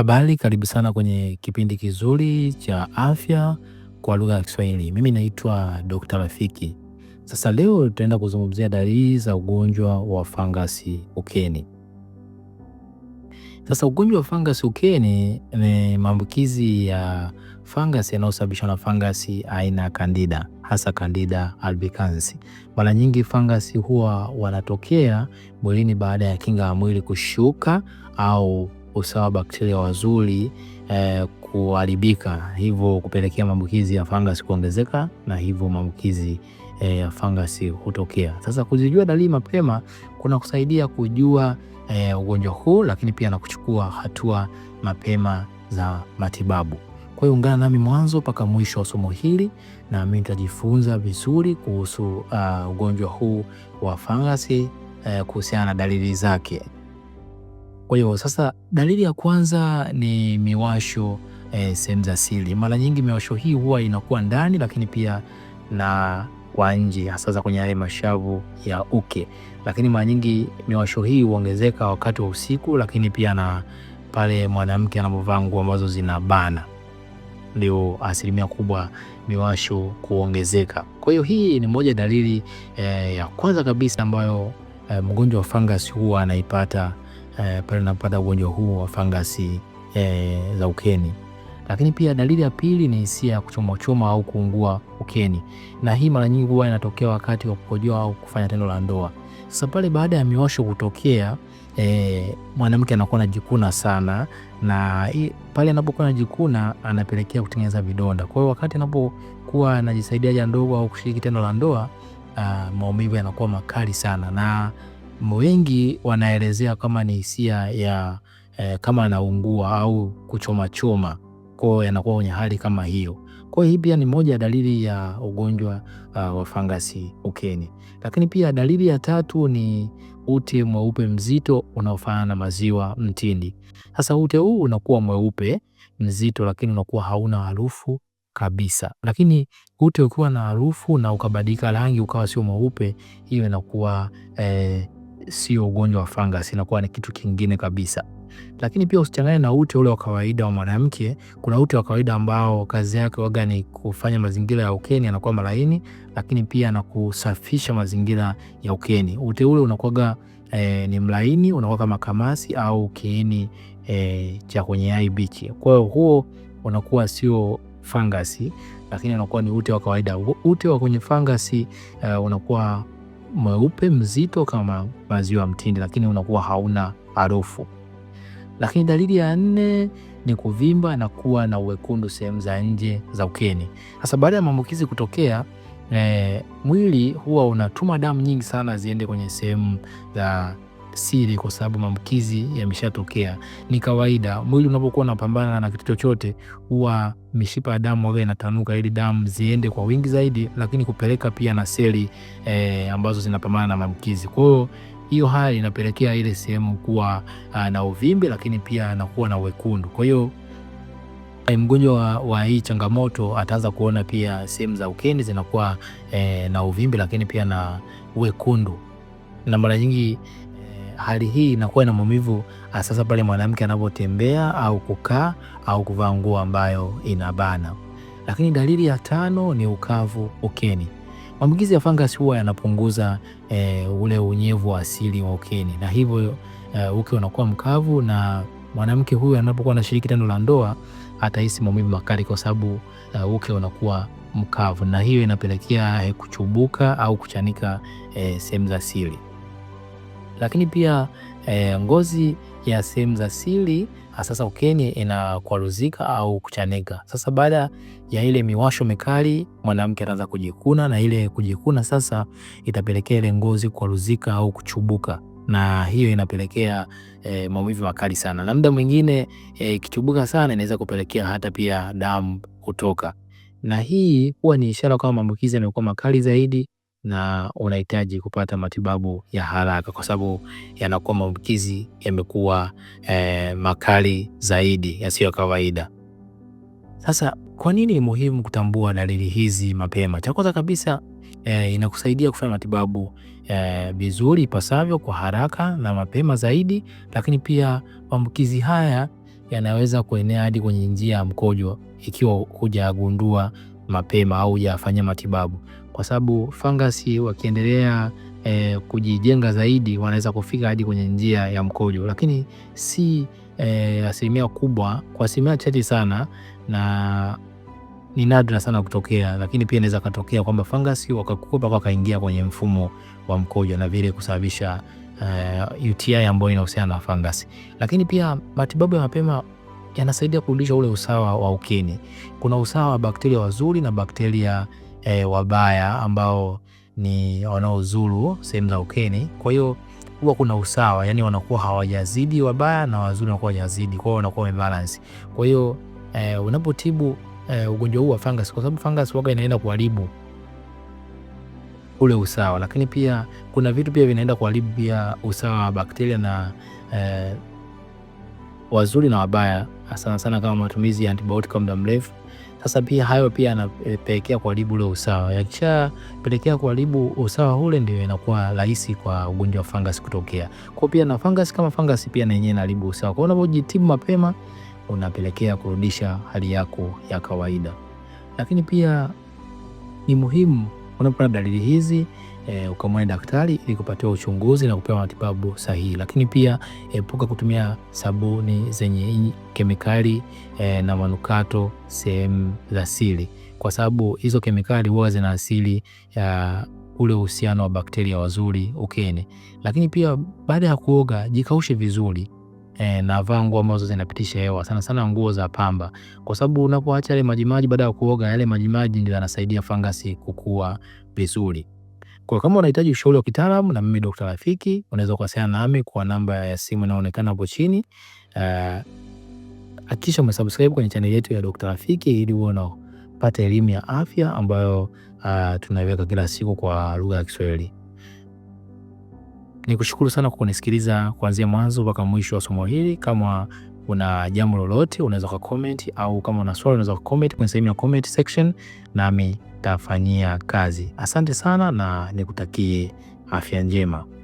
Habari, karibu sana kwenye kipindi kizuri cha afya kwa lugha ya Kiswahili. Mimi naitwa Dr. Rafiki. Sasa leo tutaenda kuzungumzia dalili za ugonjwa wa fangasi ukeni. Sasa ugonjwa wa fangasi ukeni ni maambukizi ya fangasi yanayosababishwa na fangasi aina ya Candida, hasa Candida albicans. Mara nyingi fangasi huwa wanatokea mwilini baada ya kinga ya mwili kushuka au usawa bakteria wazuri eh, kuharibika, hivyo kupelekea maambukizi ya fangasi kuongezeka na hivyo maambukizi eh, ya fangasi hutokea. Sasa kuzijua dalili mapema kuna kusaidia kujua eh, ugonjwa huu, lakini pia na kuchukua hatua mapema za matibabu. Kwa hiyo ungana nami mwanzo mpaka mwisho wa somo hili, na mimi nitajifunza vizuri kuhusu uh, ugonjwa huu wa fangasi eh, kuhusiana na dalili zake. Kwa hiyo sasa, dalili ya kwanza ni miwasho e, sehemu za siri. Mara nyingi miwasho hii huwa inakuwa ndani, lakini pia na kwa nje, hasa za kwenye yale mashavu ya uke, lakini mara nyingi miwasho hii huongezeka wakati wa usiku, lakini pia na pale mwanamke anapovaa nguo ambazo zinabana ndio asilimia kubwa miwasho kuongezeka. Kwa hiyo hii ni moja dalili e, ya kwanza kabisa ambayo e, mgonjwa wa fangasi huwa anaipata eh, pale napata ugonjwa huo wa fangasi eh, za ukeni. Lakini pia dalili ya pili ni hisia ya kuchoma choma au kuungua ukeni, na hii mara nyingi huwa inatokea wakati wa kukojoa au kufanya tendo la ndoa. Sasa pale baada ya miwasho kutokea, e, mwanamke anakuwa anajikuna sana, na i, pale anapokuwa anajikuna anapelekea kutengeneza vidonda. Kwa hiyo wakati anapokuwa anajisaidia haja ndogo au kushiriki tendo la ndoa, ah, maumivu yanakuwa makali sana na wengi wanaelezea kama ni hisia ya eh, kama anaungua au kuchomachoma, kwao yanakuwa kwenye hali kama hiyo. Kwa hii pia ni moja ya dalili ya ugonjwa uh, wa fangasi ukeni. Lakini pia dalili ya tatu ni ute mweupe mzito unaofanana na maziwa mtindi. Sasa ute huu unakuwa mweupe mzito, lakini unakuwa hauna harufu kabisa. Lakini ute ukiwa na harufu na ukabadilika rangi ukawa sio mweupe, hiyo inakuwa eh, sio ugonjwa wa fungus, inakuwa ni kitu kingine kabisa. Lakini pia usichanganye na ute ule wa kawaida wa mwanamke. Kuna ute wa kawaida ambao kazi yake waga ni kufanya mazingira ya ukeni anakuwa malaini, lakini pia na kusafisha mazingira ya ukeni. Ute ule unakuwaga eh, ni mlaini, unakuwa kama kamasi au kiini eh, cha kwenye yai bichi. Kwa hiyo huo unakuwa sio fangasi, lakini unakuwa ni ute wa kawaida. Ute wa kwenye fangasi uh, eh, unakuwa mweupe mzito kama maziwa mtindi, lakini unakuwa hauna harufu. Lakini dalili ya nne ni kuvimba na kuwa na uwekundu sehemu za nje za ukeni. Sasa baada ya maambukizi kutokea eh, mwili huwa unatuma damu nyingi sana ziende kwenye sehemu za siri, kwa sababu maambukizi yameshatokea. Ni kawaida, mwili unapokuwa unapambana na kitu chochote, huwa mishipa ya damu waga inatanuka ili damu ziende kwa wingi zaidi, lakini kupeleka pia na seli e, ambazo zinapambana na maambukizi. Kwa hiyo hiyo hali inapelekea ile sehemu kuwa a, ah, na uvimbe, lakini pia anakuwa na wekundu. Kwa hiyo eh, mgonjwa wa, wa hii changamoto ataanza kuona pia sehemu za ukeni zinakuwa e, na uvimbe, lakini pia na wekundu na mara nyingi hali hii inakuwa na maumivu sasa pale mwanamke anapotembea au kukaa au kuvaa nguo ambayo inabana. Lakini dalili ya tano ni ukavu ukeni. Maambukizi ya fangasi huwa yanapunguza e, ule unyevu wa asili wa ukeni na hivyo e, uke unakuwa mkavu, na mwanamke huyu anapokuwa anashiriki tendo la ndoa atahisi maumivu makali kwa sababu e, uke unakuwa mkavu, na hiyo inapelekea e, kuchubuka au kuchanika e, sehemu za siri. Lakini pia e, ngozi ya sehemu za siri ah, sasa ukeni inakwaruzika au kuchanika. Sasa baada ya ile miwasho mikali, mwanamke anaanza kujikuna, na ile kujikuna sasa itapelekea ile ngozi kukwaruzika au kuchubuka, na hiyo inapelekea e, maumivu makali sana, na muda mwingine e, eh, kichubuka sana inaweza kupelekea hata pia damu kutoka, na hii huwa ni ishara kwamba maambukizi yanakuwa makali zaidi na unahitaji kupata matibabu ya haraka kwa sababu yanakuwa maambukizi yamekuwa eh, makali zaidi yasiyo kawaida. Sasa kwa nini ni muhimu kutambua dalili hizi mapema? Cha kwanza kabisa eh, inakusaidia kufanya matibabu eh, vizuri eh, ipasavyo kwa haraka na mapema zaidi, lakini pia maambukizi haya yanaweza kuenea hadi kwenye njia ya mkojo ikiwa hujagundua mapema au yafanya matibabu, kwa sababu fangasi wakiendelea e, kujijenga zaidi wanaweza kufika hadi kwenye njia ya mkojo, lakini si e, asilimia kubwa, kwa asilimia chache sana, na ni nadra sana kutokea, lakini pia inaweza katokea kwamba fangasi wakakua mpaka wakaingia kwenye mfumo wa mkojo na vile kusababisha Uh, eh, UTI ambayo inahusiana na fangasi. Lakini pia matibabu ya mapema yanasaidia kurudisha ule usawa wa ukini. Kuna usawa wa bakteria wazuri na bakteria e, wabaya ambao ni wanaozuru sehemu za ukini. Kwa hiyo huwa kuna usawa, yani wanakuwa hawajazidi wabaya na wazuri wanakuwa hawajazidi, kwa hiyo wanakuwa wamebalance. Kwa hiyo e, unapotibu e, ugonjwa huu wa fungus, kwa sababu fungus huwa inaenda kuharibu ule usawa, lakini pia kuna vitu pia vinaenda kuharibu pia usawa wa bakteria na e, wazuri na wabaya, sana sana kama matumizi ya antibiotic kwa muda mrefu. Sasa pia hayo pia yanapelekea kuharibu ule usawa. Yakishapelekea kuharibu usawa ule, ndio inakuwa rahisi kwa ugonjwa wa fangasi kutokea. Kwa pia na fangasi kama fangasi pia na yenyewe inaharibu usawa. Kwa unapojitibu mapema, unapelekea kurudisha hali yako ya kawaida. Lakini pia ni muhimu unapoona dalili hizi e, ukamwone daktari ili kupatiwa uchunguzi na kupewa matibabu sahihi. Lakini pia epuka kutumia sabuni zenye kemikali e, na manukato sehemu za siri, kwa sababu hizo kemikali huwa zina asili ya ule uhusiano wa bakteria wazuri ukeni. Lakini pia baada ya kuoga jikaushe vizuri e, na vaa nguo ambazo zinapitisha hewa, sana sana nguo za pamba, kwa sababu unapoacha yale majimaji baada ya kuoga, yale majimaji ndio yanasaidia fangasi kukua vizuri. Kwa kama unahitaji ushauri wa kitaalam na mimi Dr. Rafiki, unaweza kuwasiliana nami kwa namba ya simu inayoonekana hapo chini. Ah, hakikisha uh, umesubscribe kwenye chaneli yetu ya Dr. Rafiki ili uwe unapata elimu ya afya ambayo uh, tunaiweka kila siku kwa lugha ya Kiswahili. Nikushukuru sana kwa kunisikiliza kuanzia mwanzo mpaka mwisho wa somo hili kama una jambo lolote unaweza ka comment, au kama una swali unaweza ka comment kwenye sehemu ya comment section, nami tafanyia kazi. Asante sana na nikutakie afya njema.